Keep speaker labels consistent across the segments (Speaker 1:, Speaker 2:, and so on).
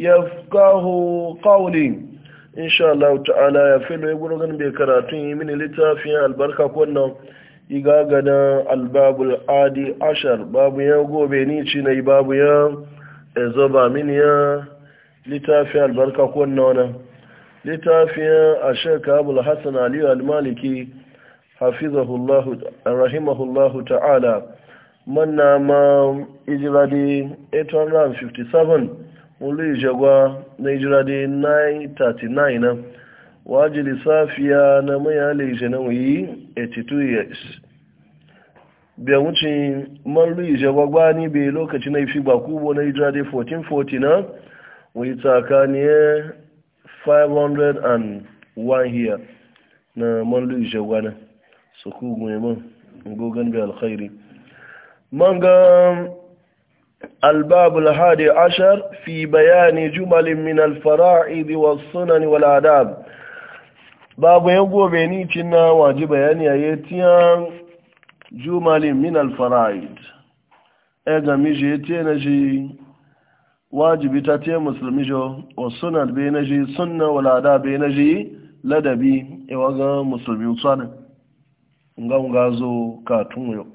Speaker 1: yafqahu qawli insha Allah ta'ala ya filo ya guro ganin bai karatu yi mini littafin albarka kunnan iga gana albabul adi ashar babu ya gobe ni ci na babu ya zoba mini ya littafin albarka kunnan wannan littafin ashar kabul hassan aliyu almaliki hafizahullahu rahimahullahu ta'ala manna ma ijiradi 857 wani jagwa na hijira dai 939 na waje lissafiya na maya laije na wuyi 82 years bai wuce malu ijagwa gbani bai lokaci na ifi bakubo na hijira dai 1440 na wuyi tsakaniyar 501 year na malu ijagwa na su kugu neman gogon bai alkhairi الباب الحادي عشر في بيان جمل من الفرائض والسنن والآداب باب يقوى كنا واجب يعني أيتيان جمل من الفرائض إذا ميجي تينجي واجب تاتي مسلم جو والسنن بينجي سنة والآداب بينجي لدبي إيواغا مسلمين صانع نغا نغازو كاتون يو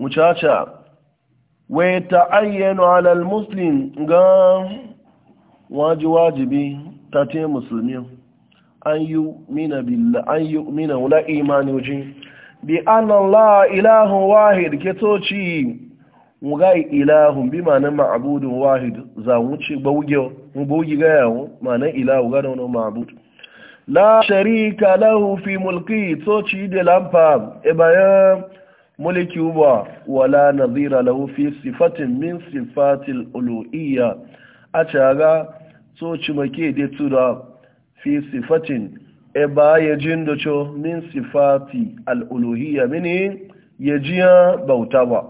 Speaker 1: مچاچا wai ta'ayyano alal muslim ga waji wajibi ta musulmi an yi mina billah an bi annan ilahun wahid ke toci mugai ilahun bi manan ma'abudun wahid za wuce gbaugi ya yawon manan ilahu ga wani ma'abudu sharika fi mulki toci mulki ba wala nazira lahu fi sifatin min sifatil uluhiyya a caga so cimake da tura fi sifatin e ba ya jin da co min sifati al'uluhiyya mini ya jiya bauta ba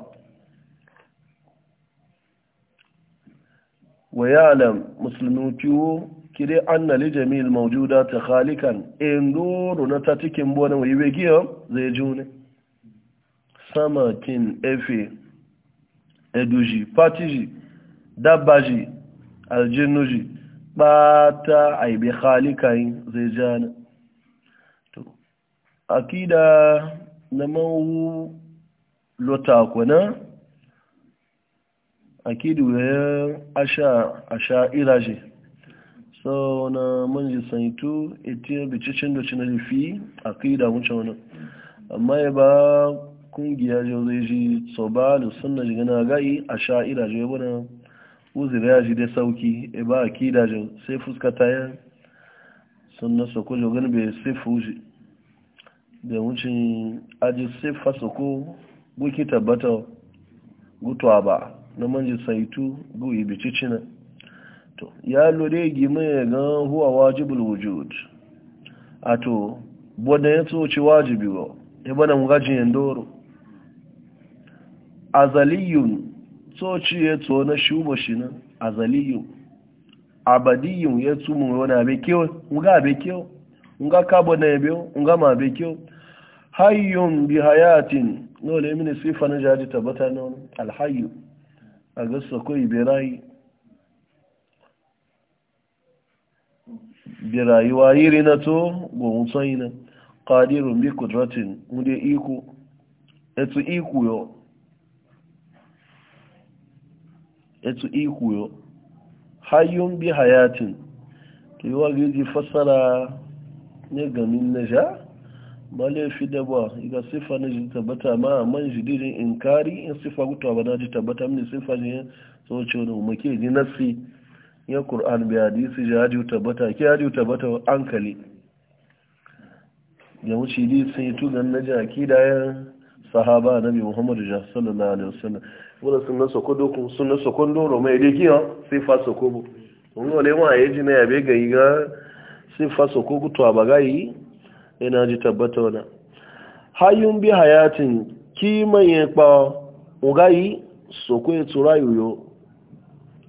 Speaker 1: wa yalam annali kiwo kire maujuda ta khalikan in e doro na ta cikin bonin wa yi zai june kin efe eduji fatiji dabaji aljinuji bata aibe halikayi zai jana akida na mawu na akidu ya asha asha iraji so na manji sanitu etiyar bicicin da cinaji fi akida wuce wani amma ya ba kungiya jo zai ji so ba da sunna ji gana gai a sha'ira jo bana uzuri ya ji dai sauki e ba akida ji sai fuska ta yi sunna so gani bai sai fushi da wucin aji sai faso ko guki tabbata gutuwa ba na manji saitu guyi bicicina to ya lode gima ya ga huwa wajibul wujud to bodan ya tsoci wajibi ba ya e bana yin yandoro azaliyun tsoci ya tso na shubo shi na azaliyun abadiyun ya tumu wani abekewa nga abekewa nga kabo na ebewa nga ma abekewa hayyun bi hayatin na wale mini sifa na jaji tabbata na wani alhayu a gasa kawai berayi birayuwa yiri na to gomun tsayi na kadirun bi kudratin mu iku etu iko yau etu ihu yo hayun bi hayatin to yi wa ji fasara ne ganin na ja male fi da ba ga sifa na ji tabbata ma man ji dirin inkari in sifa gutuwa ba na ji tabbata mini sifa ne so ce wani umarke ji nasi ya ƙur'an bi hadisi ji hajji tabbata ke hajji tabbata an kale ya wuce di sun yi tugan na ji akida yan sahaba nabi muhammadu sallallahu alaihi wasallam wala sunna sokodo kun sunna sokondo ro mai hàn sí sifa sokobo ngo le wa yeji na yabe ga iga sifa sokogo to abagai ina ji tabbata wana hayun hayatin ki manye pa ugai soko e turayo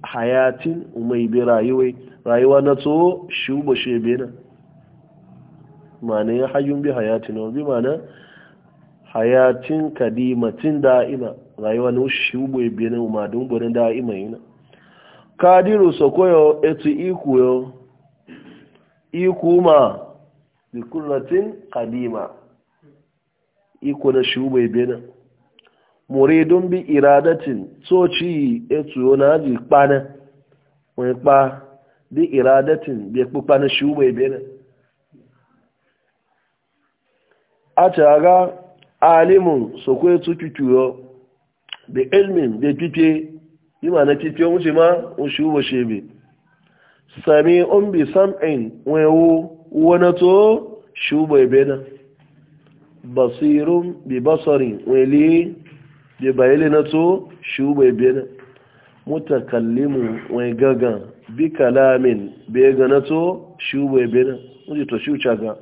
Speaker 1: hayatin umai bi rayuwa rayuwa na to shubo shebena ma'ana hayun bi hayatin wa bi ma'ana hayatin kadimatin da'ima rayuwa na wushi ugbo ebe na umadu mgbere ndị ima yi na kadiru sokoyo etu ikwu yo iku ma bikurratin kadima iku na shi ugbo ebe na muridun bi iradatin tsoci etu yo na aji kpana wani e kpa bi iradatin bi e kpupa na shi ugbo ebe na a ga alimun sokwe etu yo. da ilmin da fife yi ma na fife wuce ma wuce wuce bi sami on bi sam'in wayo wani to shuba ibe na basirun bi basarin wali bi bayili na to shuba ibe na mutakallimu wani gaga bi kalamin bai ga na to shuba ibe na wuce to shuca ga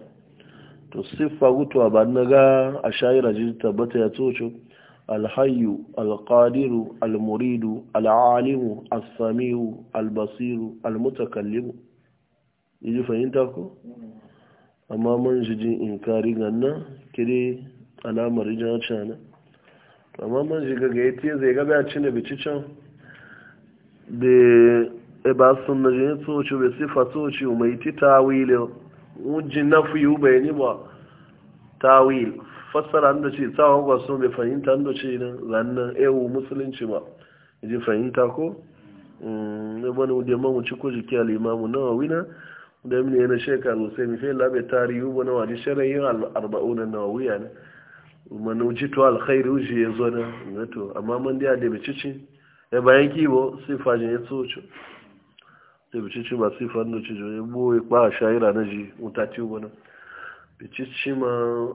Speaker 1: to siffa gutuwa ba na ga a shayira ji tabbata ya tocho الحي القادر المريد العالم السميع البصير المتكلم يجي فهمتكو amma man jijin inkari ganna kire alamar rijin cana amma man jiga ga ya zai gaba ya e na can da jini tsoci bai sifa tsoci mai ti tawil wujin na fi yi ni ba tawil fassara da ce tsawon gwaso mai fahimta da ce nan zannan ewu musulunci ba ji fahimta ko na mm, bane wuce man wuce ko jiki limamu na wawina da yamina yana shekaru sai mafi labe tarihi ba na wani shirayen arba'una na wawiya ne mana wuce to alkhairu wuce ya zo na gato amma man da ya da bicici ya bayan kibo sai fajin ya tsoci da bicici ba sai fando ci jo ya boye ba shayira na ji mutati wani bicici ma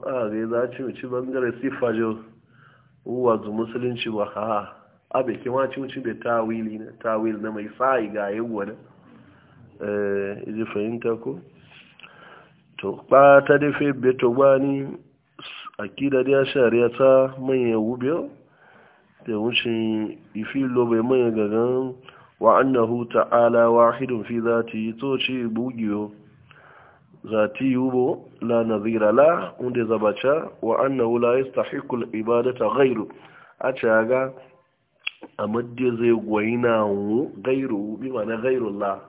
Speaker 1: a ga za ci mici bangare si jo uwa zu musulunci ba ha a bai kima ci mici bai tawili na tawil na mai sa'i ga yawwa na eh, iji fahimta ko to ba ta dafe beto gbani kida da shari'a ta manyan wube da wucin ifi lobe manyan gagan wa annahu ta'ala wahidun fi za zati to ci bugiyo zati yubo la nazira la unde zabacha wa annahu la yastahiqu al-ibadata ghayru a caga a madde zai gwaina wu gairu bi mana gairu la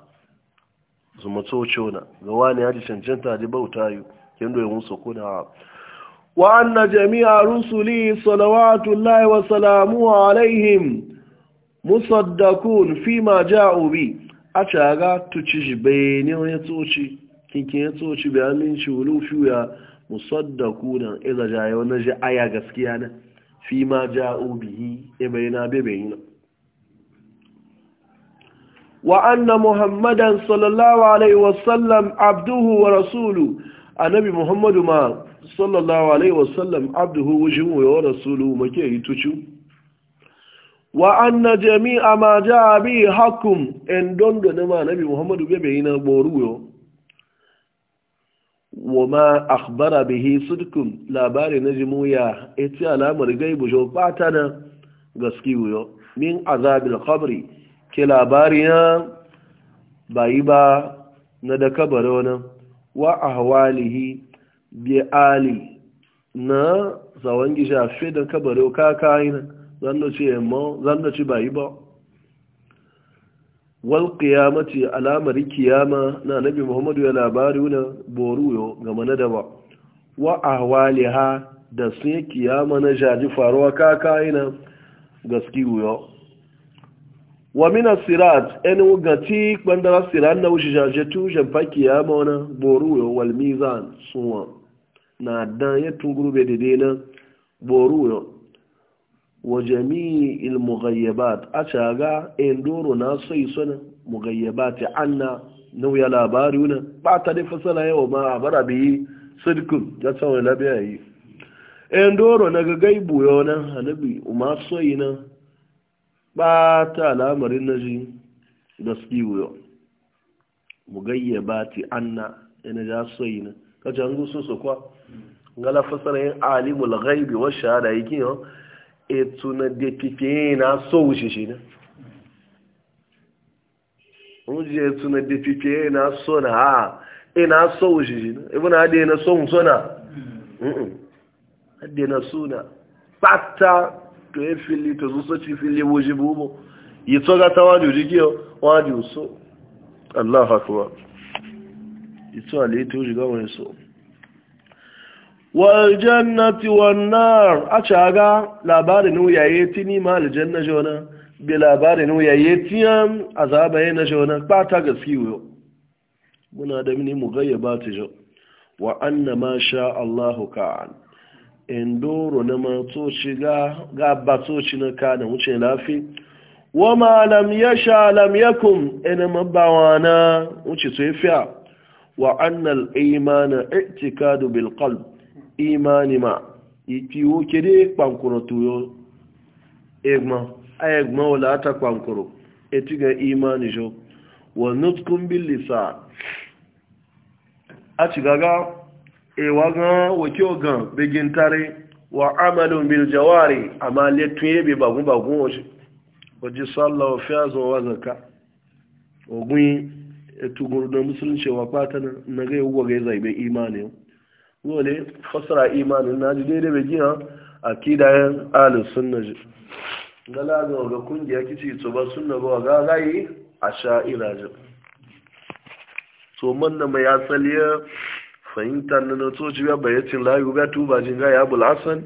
Speaker 1: zuma tsoco na ga wani ya ji cancanta ji bauta yi kin doyin musu kuna wa anna jami'a rusuli salawatullahi wa salamu alaihim musaddakun fi ma ja'u bi a caga tuci shi bayani wani tsoci kinkin ya shi bi aminci wulufi ya musaddaku na iza jaye wani ji aya gaskiya na fi ma ja'u bihi e na be yi wa anna muhammadan sallallahu alaihi wasallam abduhu wa rasulu nabi muhammadu ma sallallahu alaihi wasallam abduhu wujuhu wa rasulu make yi tucu wa anna jami'a ma ja'a bi hakum in dondo na ma nabi muhammadu be yi boru yo wa ma akhbara bihi sudkum labari na jimuya ita alamar gaibu jo bata na gaski wuyo min azabil qabri ke labari na bayi ba na da kabaro na wa ahwalihi bi ali na zawangi shafe da kabaro kakayin zan da ce yamma zan da ci bayi ba wal ce alamar kiyama na nabi muhammadu ya labari na boruyo ga daba da ba wa ahwaliha da sun kiyama na jaji faruwa kaka ina gaski wuyo wa mina sirat yan gati bandara sirat na wuce jaje tu jamfa kiyama wana boruyo wal suwa na dan ya tunguru be dede na boruyo wa jami'il mughayyabat a caga endoro na sai suna mughayyabat anna nauya labari wuna ba ta da fasala yawa ma a bara biyi sidkun ya tsawon labiya yi endoro na gagai buyo na hanabi umar soyi na ba ta alamarin na ji da ski buyo mughayyabat anna yana ja soyi na kacan gusu su kwa ngala fasara yin alimul ghaibi wa shahada yake yau etu na depipe na so wushishi na oúnjẹ etu na depipe na so na ha ina na ibi na adé na so na adé na so na pátá tó e fili tó soso ti fili wushi búbọ yìí tó gata wá di òjìgí wá di òso allah akbar ìtú tó waljannati wannan a caga labarin wuyaye tini ma aljanna jona bi labarin wuyaye tiyan azaba na jona ba ta gaske wuyo muna da mini mu gayyaba ta jo wa anna ma sha Allahu ka'an indoro na ma to shiga ga ba na ka da wuce lafi wa ma lam yasha lam yakum ina na. wuce to yafiya wa anna al-imana i'tikadu bil qalbi imani ma ipi wo kede kpankoro tuyo egma ayegma wala ata kpankoro etiga imani jo wa nutkun bil lisan acigaga ewa gan woke ogan begin tare wa amalun bil jawari amma letun yebe bagun bagun oje oji sallah fi azo wa zakka ogun etugun da musulunci wa fata na ga yi wa ga zaibe imani dole fasara imanin na ji daidai bai gina a kidayen alin suna ji galaga ga kungiya kici to ba suna ba wa gayi a sha'ira ji to manna mai asaliya ya fahimta na na toci ya bayyacin layu ga tuba jin gaya abul hassan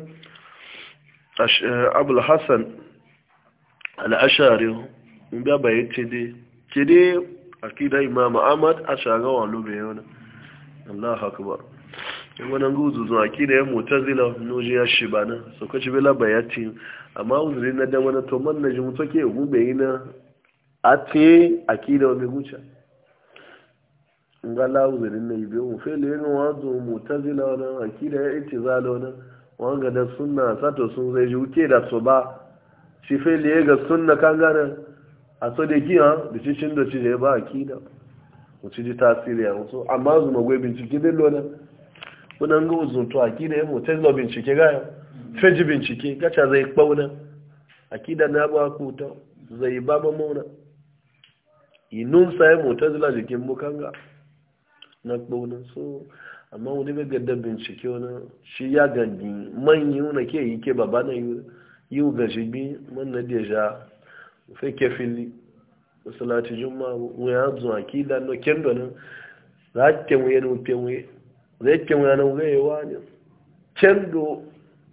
Speaker 1: eh, abul hassan al'ashari ya bayyacin dai ke dai kidayen imam ahmad a shagawa lobe na Allah akbar wani guzu zuwa kida ya zila noji ya shi bana so kaci bela bayati amma uzuri na dan wani to na ji mutoke gube ina ate akida wa migucha ngala uzuri na ibe mu fele ne wazo mutazila wana akida ya itizala wana wanga da suna sato sun zai ji uke da so ba shi fele ga suna kan gana a so da kiya da cikin da ci da ba akida mu mutu ji tasiri a wasu amma zuma gwai bincike dillo lona kunan ga uzuntu akida ya mutazila bincike gaya feji bincike gacha zai kpauna akida na ba ku ta zai ba ma mauna inun sa ya mutazila jikin mukanga na kpauna so amma wani ga gadda bincike wani shi ya gangi manyi na ke yi ke baba na yi ga jibi man na deja fe ke fili masalati juma wuya zuwa akida no kendo nan za a wuye na wupe zai ke munanan gaiwa ne kendo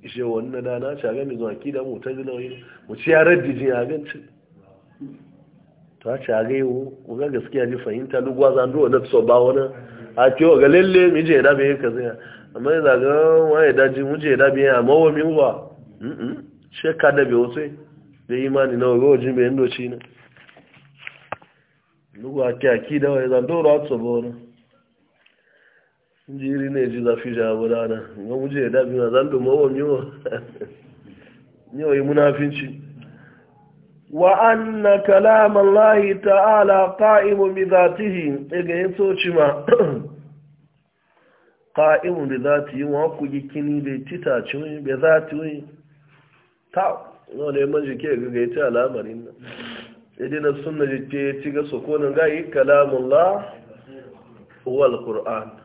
Speaker 1: ishe wannan dana na a mai zuwa kida mu ta zina wani mu ci ya raddijin a ganci ta shaga yi mu ga gaskiya ji fahimta duk waza ndo wani so ba wani a kewa ga lalle mu je da bai ka zai amma ya zaga wani daji mu je da bai a mawa min wa shekka da bai wasu da imani na wuri wajen bai ndo ci na duk wa ke da wani zan a so ba wani jiri na eji zafi ja abu dana ga muje na zan domin wa miyo yau yi munafinci wa anna kalaman lahi ta'ala qa'imun bi zatihi daga e yin soci ma qa'imun bi zatihi wa ku kini be tita be bi zatihi ta no ne man jike ga ga ita al'amarin nan e idan na sunna jike ci ga sokonin ga yi kalamun la huwa al-qur'an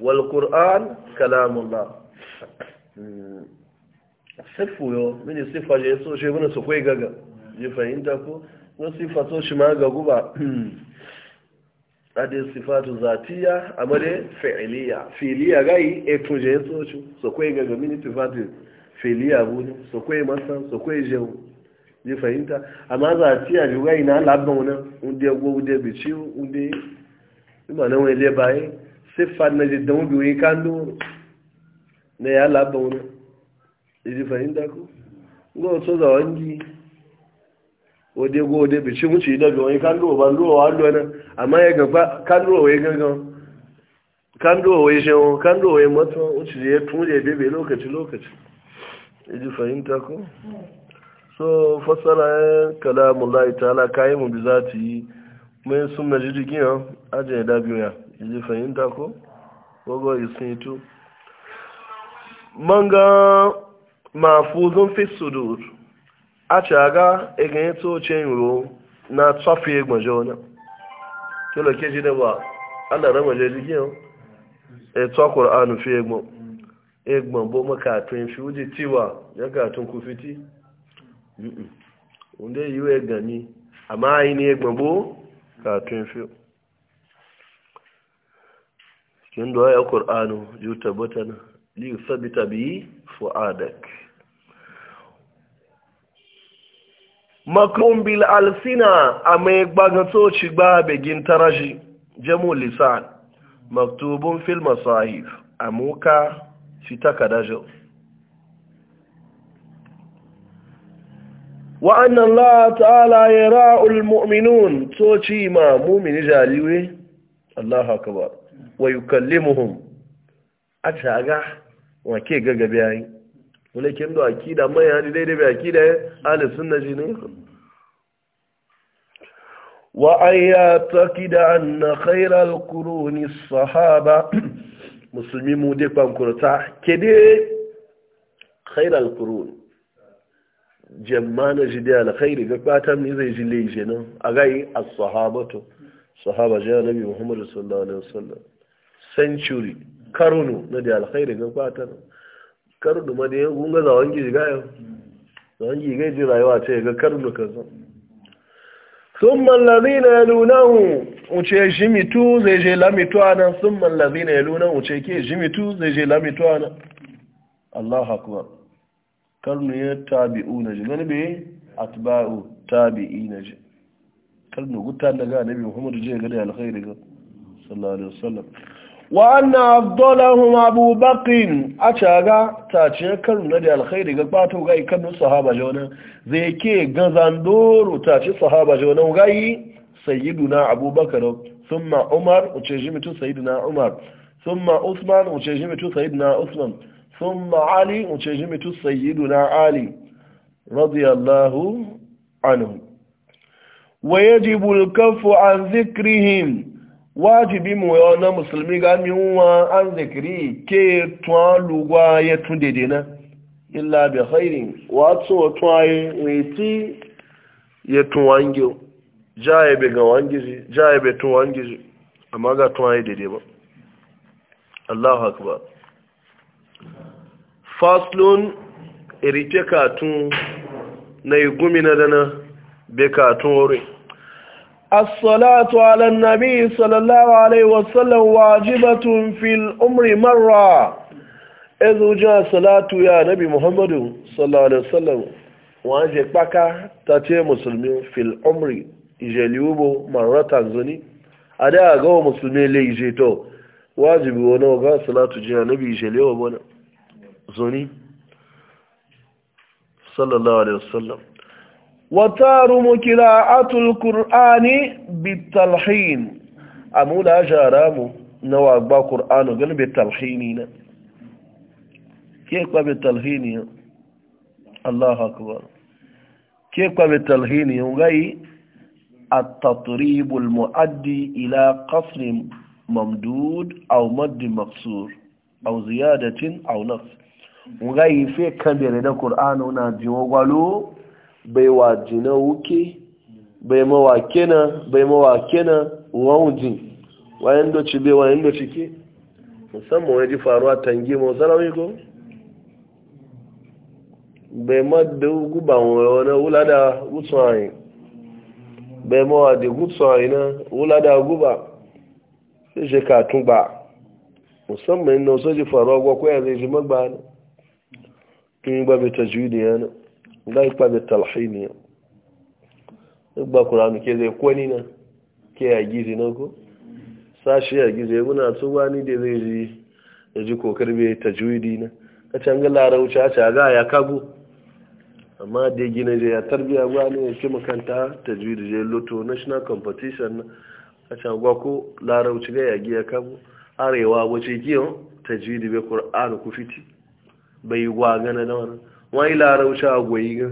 Speaker 1: wal qur'an kalamullah sifu yo mini sifa je so je bana so kwai gaga je fahimta ko no sifa so shi ma ga guba ade sifatu zatiya amade fi'liya fi'liya gai e to je so shi so kwai gaga mini sifatu fi'liya bu so kwai masa so kwai je je fahimta amma zatiya je gai na labban wannan unde go unde bici unde ima nan wele bai. siffar na jiddan biyu kan doro na ya labar wani iji fahimta ku ga wasu zawangi ode go ode bici muci idan ga wani kan doro ban doro wa doro amma ya gafa kan doro wee gangan kan doro wai shewo kan doro wai matuwa wuce ya tun ya bebe lokaci lokaci iji fahimta ku so fasara kalamullahi ka kayi mu bi za iji fahimta ko gbogbo isin tu manga mafuzun fi sudur a caga egan to cenro na tsafi gbajo na kilo keji da ba Allah rama je jiki yau e to fi egbo egbo bo maka tun fi di tiwa ya tun ku fiti unde yiwe gani amma ai ne ni ka tun fi kin da ya qur'anu ju tabbatana li yuthabbita bi fuadak makum bil alsina amay gbaganto ci gba begin taraji jamu lisan maktubun fil masahif amuka fitakadajo wa annan la ta'ala ya ra'ul mu'minun to ci ma mumini jaliwe Allah haka wa yukallimuhum a caga wa ke gaga yayi wani kin da akida mai hadi daidai bai akida ahli suna ji ne wa ayya an yataqida anna khairal quruni sahaba musulmi mu de pankurta kede khairal qurun jammana ji da alkhairi ga fatan ne zai ji leje nan a gai a sahabatu sahaba ji annabi Muhammadu sallallahu alaihi wasallam century karunu na da alkhairi ga kwatan karunu ma da yau ga zawon gi ga yau zawon gi ga ji rayuwa ce ga karnu kaza summa alladhina yalunahu uce jimitu zai je lamitu anan summa alladhina yalunahu uce ke jimitu zai je lamitu anan Allahu akbar karnu ya na ji gani be atba'u na ji karnu gutan daga nabi muhammadu je ga da alkhairi ga sallallahu alaihi wasallam wa anna afdalahum abu a caga ta ce kan na da alkhairi ga bato ga ikan sahaba jona zai ke gazan doro ta ce sahaba jona gai sayiduna abubakar thumma umar uce shi mutu sayyiduna umar thumma usman uce shi mutu sayyiduna usman thumma ali uce shi mutu sayyiduna ali radiyallahu anu. wa yajibu al-kaffu an dhikrihim wajibi mu yau na musulmi ga wa an zikiri ke tuwa lugwa ya tun dede na illa bi khairin wato tuwa weti ya tun wangi jaye be ga wangi jaye be tun ji amma ga tuwa yi dede ba Allahu akbar faslun irike katun na yi na dana be katun wurin as-salatu ala nabi sallallahu alaihi wasallam wajibatun fil umri marra ezu ja salatu ya nabi muhammadu sallallahu alaihi wasallam waje paka tace muslimi fil umri ijeliubo maratan zuni ada ga muslimi le ijeto wajibi wona ga salatu ja nabi ijeliubo zuni sallallahu alaihi wasallam وتارم كراءة القرآن بالتلحين أمولا جارامو نوى أقبا قرآن قل بالتلحينين كيف بالتلحينين الله أكبر كيف بالتلحينين غي التطريب المؤدي إلى قصر ممدود أو مد مقصور أو زيادة أو نقص غي في كبير القرآن ونادي وقالوا bai wa jina wuke bai mawa na bai mawa kenan wawun jin wayan da ci bai wayan da ke musamman wani ji faruwa tangi ma sarawai ko bai ma da guba wani wula da gutsun ayi bai mawa da gutsun ayi na wula da guba sai shi katun ba musamman inda wasu ji faruwa gwakwaya zai ji magba na tun yi ba bai ta juyi da yana ga ikpa be talhini ba qur'anu ke zai kwani na ke ya gizi na ko sashi ya gizi muna su ni da zai ji ya ji kokar be tajwidi na ka can ga larauci a ga ya kago amma da gina je ya tarbiya gwa ne ya ce makanta tajwidi je loto national competition na a can gwa ko larauci ga ya giya kago arewa wace giyan tajwidi be qur'anu ku fiti bai gwa gana da wannan wani larauci a gwayi ga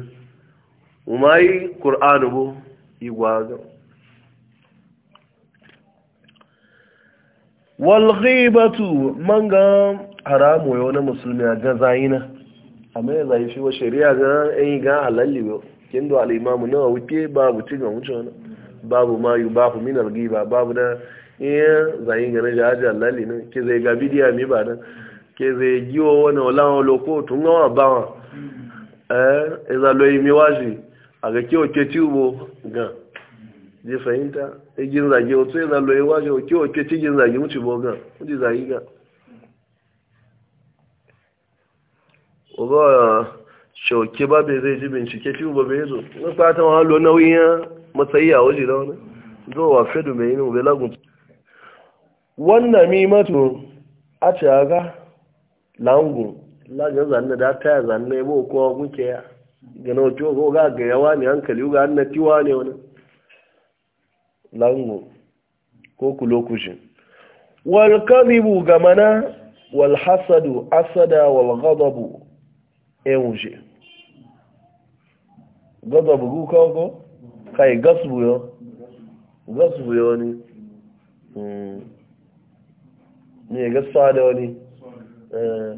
Speaker 1: umari ƙur'anu bu igwa ga walghibatu man haramu yau na musulmi a gazayina a mai zaifi wa shari'a ga yi ga halalli yau kin al'imamu nawa wuke babu ci ga wuce wani babu mayu babu minar giba babu na iya zayi gane na jahaji halalli nan ke zai ga bidiya ba nan ke zai giwa wani wala loko tun gawa bawa Eh, eza loyi miwaji aga kiwo ke tubo ga je fahimta e jin otu wato eza loyi waje o kiwo ke ci jin zage mutu boga mutu zage ga oga shoke ba bai zai ji bincike ubo be zo na wa halo nauyin matsayi a waje da wani wa fedu mai yi bai lagun wannan mimatu a ce aga langun lagar zanne da ta zanne mu ko muke ya gana to ko ga ga yawa ne hankali ga an tiwa ne wani lango ko ku lokushin wal kadibu gamana wal hasadu asada wal ghadabu enje ghadabu ku ko ko kai gasbu yo gasbu yo ni mm ne gasa da wani eh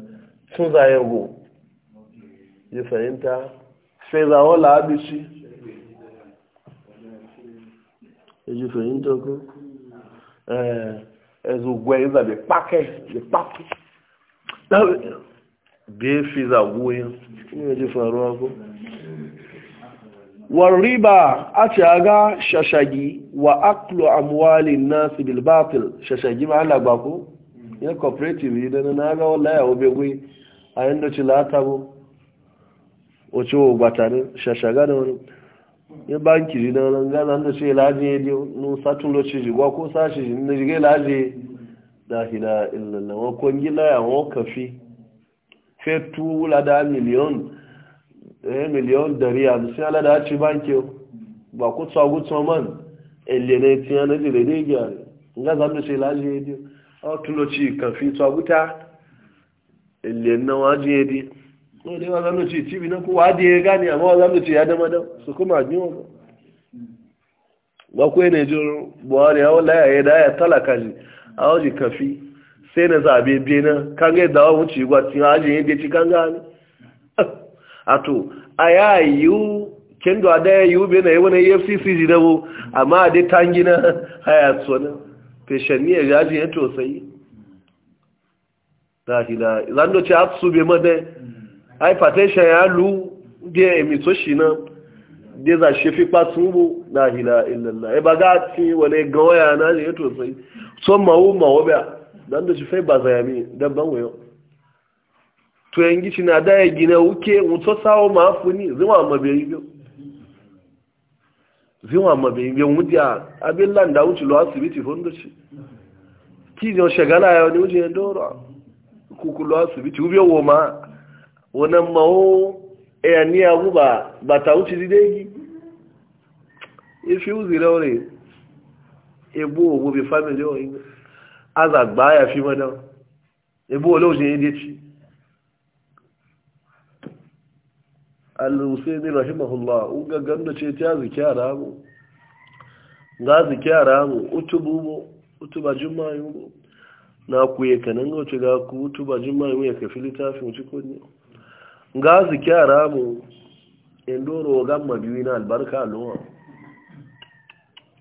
Speaker 1: tun zaye go ya fahimta sai zawo labishi ya ji fahimta ko ẹ̀zù gwẹ̀ ìzàbí pákẹ́ lè pákẹ́ bí i fi ìzàgbó yẹn ní ẹjí faru ọkọ́ wà ríbà a ti aga ṣaṣagi wà ákùlù ma na aga a yadda ci lata bu wace wa batanin shashaga da wani ya banki kiri na wani gana da ce laje ya nun satun lokaci jigwa ko sashi shi na jigai laje da hina ilana wa kwangila ya wa kafi fetu lada miliyon eh miliyon dari hamsin ala da ci banki ba ku tsogu tsoman elene tiyan na jire ne gyara nga zan da ce laje ya je a tun lokaci kafi tsoguta ilẹ̀ náà wọ́n á dín ebi wọ́n lé wọ́n lọ́nà tí tíbi náà kó wọ́n á dín ẹgá ni àmọ́ wọ́n lọ́nà buhari àwọn wala ya da ya jì àwọn jì kafi fi sẹ́nà sàbí ebi náà kángá ẹ̀dá ọ̀hún tì í wá tí wọ́n á ni. kendo na yawan afcc jinawo amma a tangina haya tsona ya jaji ya láàkìdá ìlànà tí a túbẹ̀ mọ́dẹ́ hmm. hypertension ya lú díẹ̀ èmì tó ṣì náà za ṣe fipá túnbù láàkìdá ìlànà ẹbá gáàtí wọlé gan ọ̀yà náà lè tó sọ tó mọ̀wó mọ̀wó bẹ́ẹ̀ ìlànà tí shi. kí ìjọ ṣẹ̀gálà yau ni ó jẹ́ dọ́rọ̀ kúkúlọ́ asibiti ubi owo ma wọnà ma ó ẹ̀yà ní agúbà bàtà ó ti di dégi ifi uzi rẹ̀ rẹ̀ bi owó o fámìlì aza gba ya fi mọ́ náà ebú olóòjì yẹn dé tí al-husaini rahimahullah un gaggan ce ta ziki a mu ga ziki a ramu utubu mu utuba juma'a yi mu na kuye kanan ga wuce ga kutu ba jin mai ya kafi littafi wuce ko ne ga su kyara mu in doro ga mabiwi na albarka lowa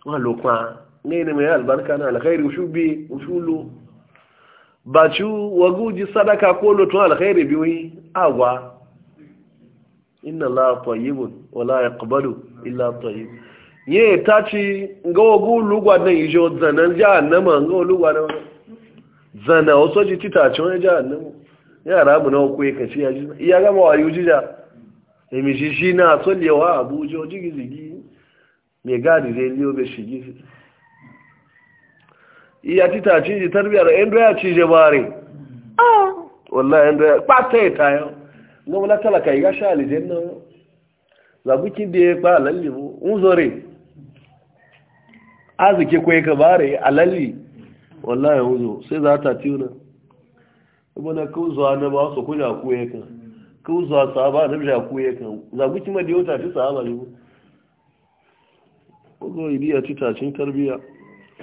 Speaker 1: wa lokwa ne ne mai albarka na alkhairi shubi usulu ba ci waguji sadaka ko lotun alkhairi biwi agwa inna la tayyibun wa la yaqbalu illa tayyib ye ta ci ga wagu lugwa nan ijo zanan ja nan ma ga lugwa nan zana wasu ji titacin wani jahannamu yara mu na hukwai ka ce ya ji iya gama wayo jija ya mai shi shi na tsallewa abuja jigi zigi mai gadi zai liyo bai shigi iya tita titacin ji tarbiyar yan doya ci je bare oh. wallah yan doya kpata ya tayo gama na talaka ya sha alijen nan zabuki da ya kpa lalle mu unzore arziki kwaye ka bare alalli wallahi wuzo sai za ta tiyo ibana kawuzuwa na ba su kuja kuye kan kawuzuwa sahaba na bisa kuye kan zagu kima da yauta ta sahaba ne ko ibiya ci tashin tarbiya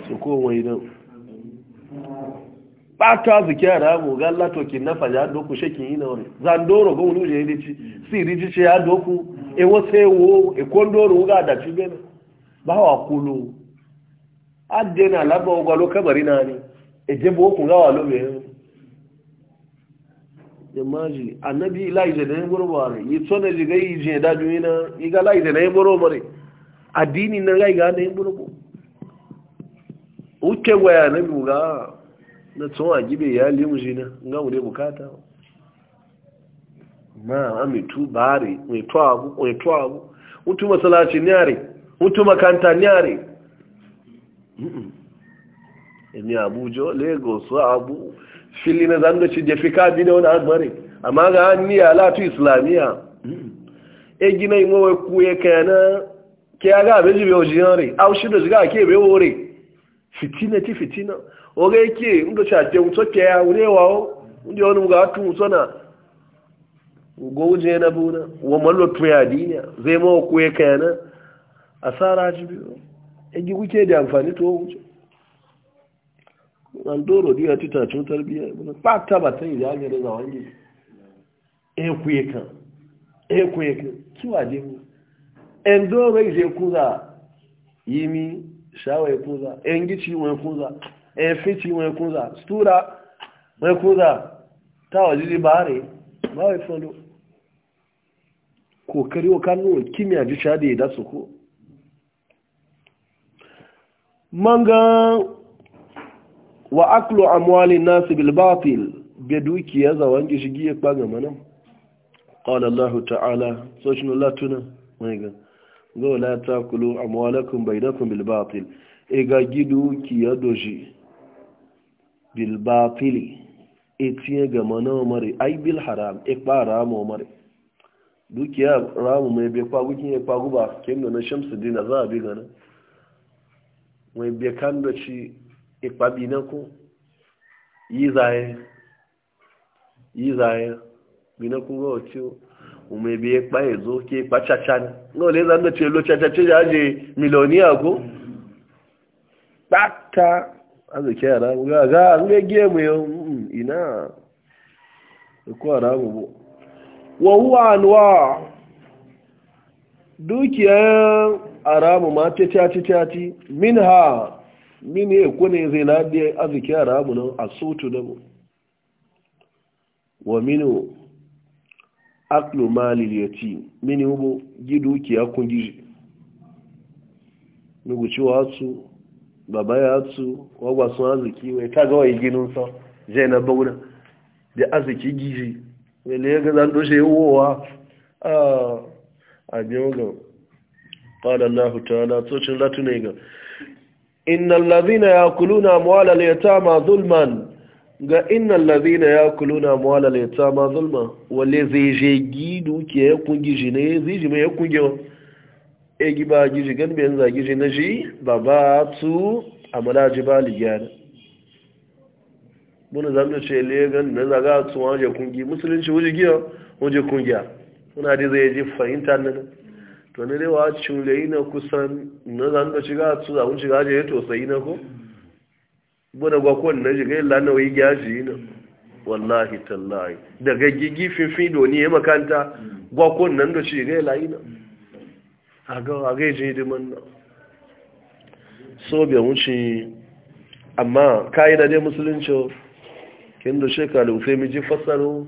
Speaker 1: su koma idan bata zuki yara mu ga lato ki na faja doku shekin ina wani zandoro go wani je ne ci si riji ce ya doku e wo se wo e kondoro ga da ci bene ba wa kulu adde na laba ogwalo kabari na ni eje bo kun ga walo be anabi annabi ilaije da yoro bare yi tsone je ga yije da duina na ga laije da yoro bare addini na ga ga da yoro ko uke waya na buga na tsowa gibe ya limuji na nga mu bukata ma amitu bari mai twabu mai twabu mutu masalaci nyare mutu makanta nyare emi abuja lagos abu fili na zan ci jefi kabi na wani agbari amma ga hannu ya latu islamiyya e gina yi mawai kuye kayana ke ya ga abin jibe ojiyar yare au shi da shiga ke bai wore fitina ti fitina oga yake inda shafe wuto ke ya wune wawo inda wani ga hatu wuto na goje na buna wa mallo tuya dina zai mawa kuye kayana asara jibe egi kuke da amfani to wuce an doro diya tuta cin tarbiyya ibn fata ba sai ya ga da wangi e kuye kan e eh, kuye kan kiwa de mu en doro je kuza yimi shawa kuza en gici wani kuza en fici wani kuza stura wani kuza ta waje bare ba wai falo kokari wa kanu kimiyya ji shade da su ko manga wa aklu amwali nasi bil batil be dukiya za wange shigi ya kwaga mana qala allah ta'ala so shinu allah tuna mai go la takulu amwalakum baynakum bil batil e ga gidu ki ya doji bil batil e tiye ga mana mari ai bil haram e para mo mare dukiya ramu mai be kwagu ya e kwagu ba kenan na shamsuddin za a bi ganin mai bai kan da shi ikpabi na ku yi zaye yi zaye bi na ku gawa ciwo mai bai ikpa ya zo ke ikpa caca ne na wale zan da ce lo caca ce ya je miloniya ko ɓata arziki yara ga ga an gaggiye mu yau ina ko haramu bu wa huwa anwa dukiyar aramu ma ce caci caci min ha min ya kone zai ladiya arziki aramu nan a sotu na mu wa minu aklu malil ya ci mini hubu gidu ki ya kun gizi nuguci wa su baba ya su wagwa sun arziki mai ta gawa yi ginin sa zai na bauna da arziki gizi mai ya ga zan doshe yi wowa a biyan gaba قال الله تعالى توشن لاتنيغا إن الذين يأكلون أموال اليتامى ظلما ga innan lazina ya kuluna mawala da ya tsama zulma wale zai je ke ne zai ji mai ya kungi wa e giba gishi gan bayan zagi shi na shi ba ba a malaji ba ligiyar muna zamta ce legan na kungi musulunci wuje giya wuje kungiya suna da zai ji fahimta nan to ne wa cule na kusan na zan da shiga su za mu shiga je to sai na ko buna gwa ko na shiga illa na wai gaji na wallahi tallahi daga gigi fifi do ya makanta gwa ko nan da shiga illa ina aga aga je di man so biya mun shi amma kai da ne musulunci kin da shekaru sai mu miji fasaro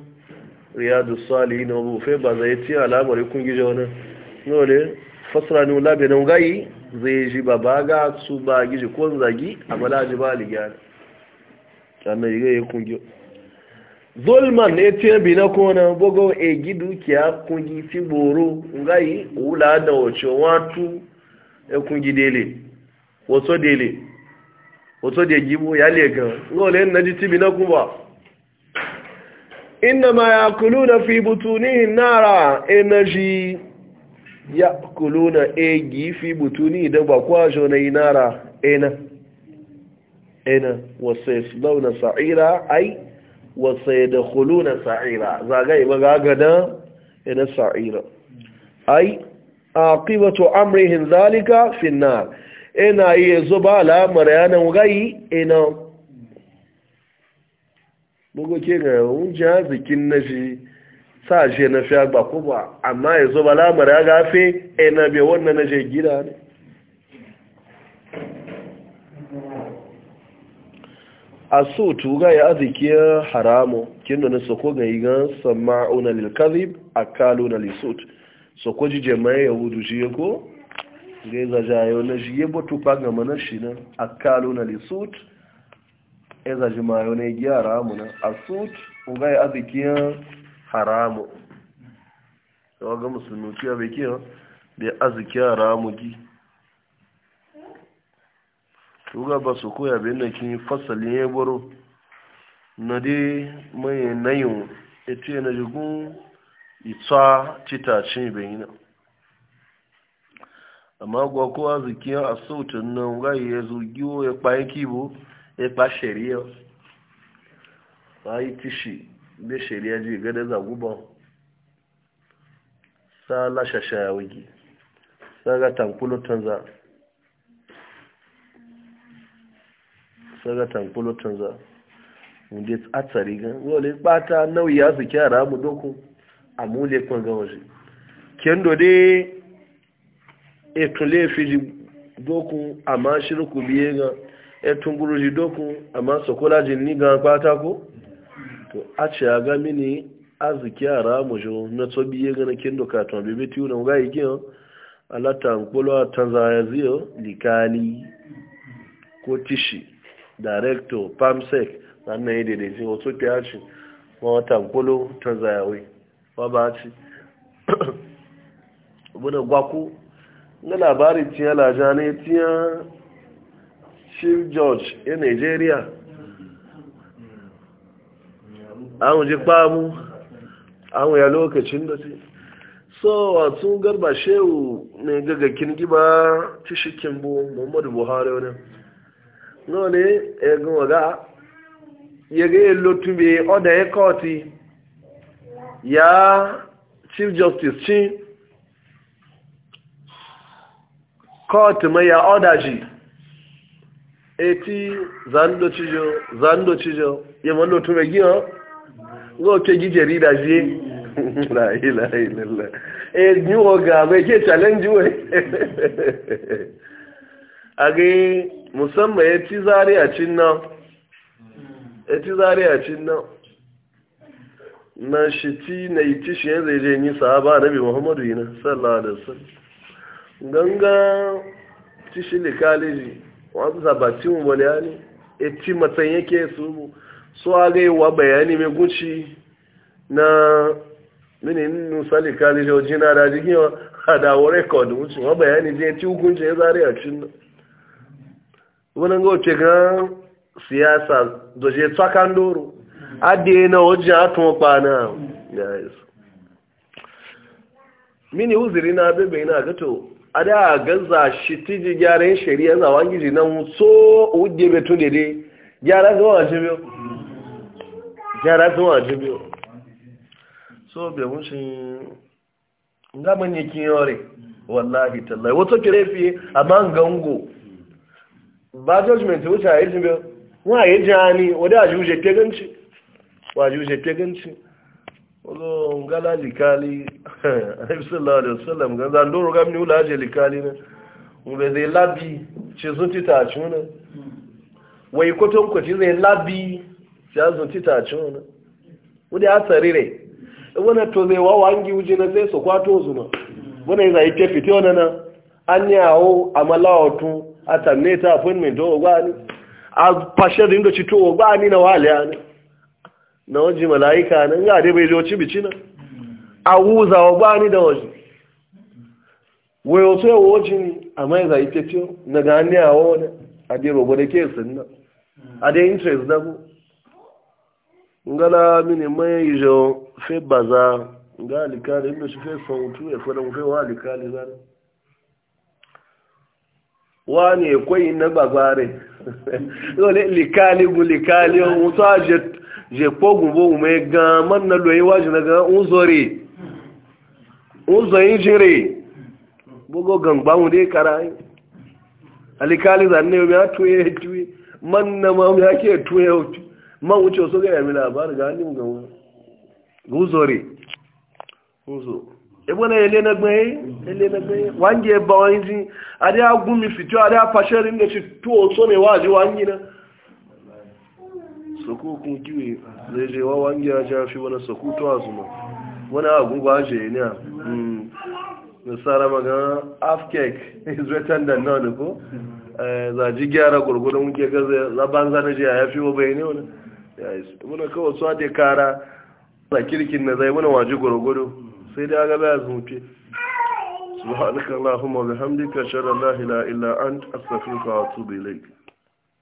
Speaker 1: riyadu salihin wa mu ba zai ci alamar kun gije wannan nole fasara ne labe na gayi zai ji ba ba ga su ba gije ko zagi a laji ba ligya ne sannan yi gaye kungiyo zolman ne tiye bi na kona bogo e gidu kiya kungi fi boro ngayi wula da wace watu e kungi dele wato dele wato da gibo ya lega ngole na ji tibi na kuma inna ma yakuluna fi butunihim nara ya kuluna e gifi butuni da ba kwajo na inara ena ena wasu launa sa'ira ai wasu yadkhuluna sa'ira zagai magagada ina sa'ira ai aqibatu amurihin zalika fi an-nar ina yazuba la maryanan gai ina bugu ke ga un jazikin nashi sa je na fiya ba ko ba amma ya zo ba lamar ya gafe e na bai wannan na je gida ne a so tuga ya azikiyar haramu kinda na soko ga yi gan sama'una lilkazib a kaluna lisut soko ji jama'a yahudu shi ya ko ga yi zajayo na shi ya batu faga mana shi na a kaluna lisut ya zaji mayo na ya haramu na a so tuga ya azikiyar haramu yawa ga musulmi kiwa bai kiwa bai arziki haramu gi tuga ba su koya bai na kin fasalin ya baro na dai mai nayin ita na jigun ita citacin bai yi na amma gwa ko arziki ya asautin nan gai ya zugiwo ya kpayen kibo ya kpa shari'a ba yi tishi bai shari'a ji gada zaguban sa lashe shayawagi saga tankulo tanza saga tankulo tanza wunde tsatsari gan wale bata nauyi ya su kyara mu doku a mule kwan ga waje kendo dai etule fiji doku amma shirku biye ga etunguru ji doku amma sokola jinni ga ko to a ce a ga mini arziki a ramu na tsobi ya gana kin doka to bebe tiyo na ga igiyo alata nkolo a tanzania ziyo likali ko tishi director pamsec na nan yi daidai sai wato ke ci ma wata nkolo tanzania wai ba ba ci abunan gwaku na labarin tiyan lajani tiyan chief george ya nigeria an ji kpamu an ya lokacin da ce so wasu garba shehu ne gaga kingi ba ci shikin bu muhammadu buhari wani no ne ya waga ya ga yin lotube oda ya kawati ya chief justice chin kọ́ọ̀tù mọ́ ya ọ́dàjì etí ya ma yẹmọ́ lótú rẹ̀ gíọ́ ngoke gi jarida je la ilaha illallah e ni ga challenge we age musamman ya ci e zari a ci e zari na shi na itishi ci shi zai je ni muhammadu yana sallallahu ganga ci shi le kaleji bole ani e matsayin yake su so aga wa bayani mai na mini nnu sali kali jo jina da jigi a da wa bayani je ti hukunci ya zare a wani ga wace ga siyasa da je tsakan doro adi na ojii a tun kpana mini uziri na abebe na gato a da gaza shi tiji gyaran shari'a zawon giji nan so wuje betu dede gyara zuwa shi yara tó wà jù bí so bẹ̀ ṣe gámọ́ ní kí yọ rẹ̀ wallahi tallahi wọ́tọ́ kéré fi a ń gango ba judgment wuce a yi jù bí wọ́n àyè jẹ́ ní wọ́dá àjúṣe pẹ́gẹ́ǹtì wàjúṣe pẹ́gẹ́ǹtì wọ́n wula aje likali na zai wai chazun tita chona udi atsarire wona toze wa wangi uje na zeso kwato zuma wona iza itepi tiona na anyawo amalao tu ata neta appointment o gwani apashe rindo chituo gwani na wale yani na oji malaika na ngade bejo chibichina awuza ogwani da oji weyo tsaye wojin amma ya zai tetiyo na gani a wani a dai rogo da sinna a interest na ku nga la mini mai ijo fe baza nga alikali mwen si fe tou, e fona mu fe wa zan. zana wani e koyi na babare lole likali gu likali o mutu a je je pogun bo mu mai gan, man nan lwen na loyi waji na ga unzori unzori jire bogo gangba mu dai karai alikali zanne mi atuye tuye man nan na ma mi ake tuye ma wuce wasu gaya mi labari ga hannun gawa ga uzore uzo ebe na ele na gbaye ele na gbaye wangi ebe wani ji adi agumi fito adi afashari ne ci tuwo so ne waji wangi na soko kun kiwe zai je wa wangi a jafi wani soko to azuma wani agun gwaje ne a nasara magana afkek is written than none ko eh, zaji gyara gurgurun ke gaza na zanaji a yafi wa bayani wani muna kawai suwa da kara a kirkin na zai muna waje gwargwaro sai dai aga baya zunce subhanakallahumma bihamdika shara la ilaha illa ant a wa atubu belai